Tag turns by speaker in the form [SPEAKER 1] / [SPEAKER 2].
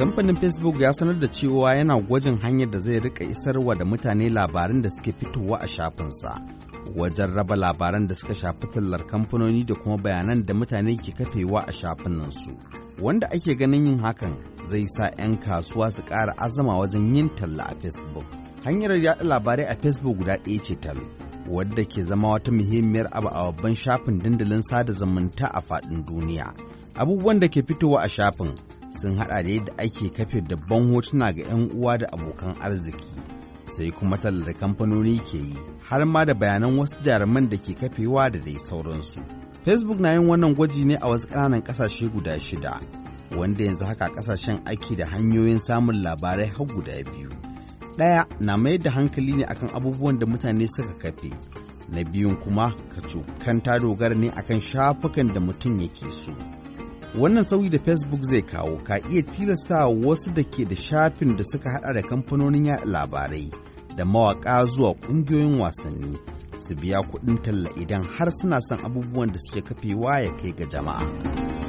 [SPEAKER 1] Kamfanin Facebook ya sanar da cewa yana gwajin hanyar da zai rika isarwa da mutane labaran da suke fitowa a shafinsa wajen raba labaran da suka shafi tallar kamfanoni da kuma bayanan da mutane ke kafewa a shafinansu. Wanda ake ganin yin hakan zai sa 'yan kasuwa su ƙara azama wajen yin talla a Facebook. Hanyar yaɗa labarai a Facebook guda ɗaya ce tal, wadda ke zama wata muhimmiyar abu a babban shafin dandalin sada zumunta a faɗin duniya. Abubuwan da ke fitowa a shafin sun hada da yadda ake kafe dabban hotuna ga 'yan uwa da abokan arziki sai kuma tallar da kamfanoni ke yi har ma da bayanan wasu jaruman da ke kafewa da dai sauransu facebook na yin wannan gwaji ne a wasu ƙananan ƙasashe guda shida wanda yanzu haka ƙasashen ake da hanyoyin samun labarai har guda biyu ɗaya na mayar da hankali ne akan abubuwan da mutane suka kafe na biyun kuma ka dogara ne akan shafukan da mutum yake so. wannan sauyi da facebook zai kawo ka iya tilasta wasu da ke da shafin da suka hada da kamfanonin yaɗa labarai da mawaka zuwa ƙungiyoyin wasanni su biya kuɗin talla idan har suna son abubuwan da suke kafewa ya kai ga jama'a.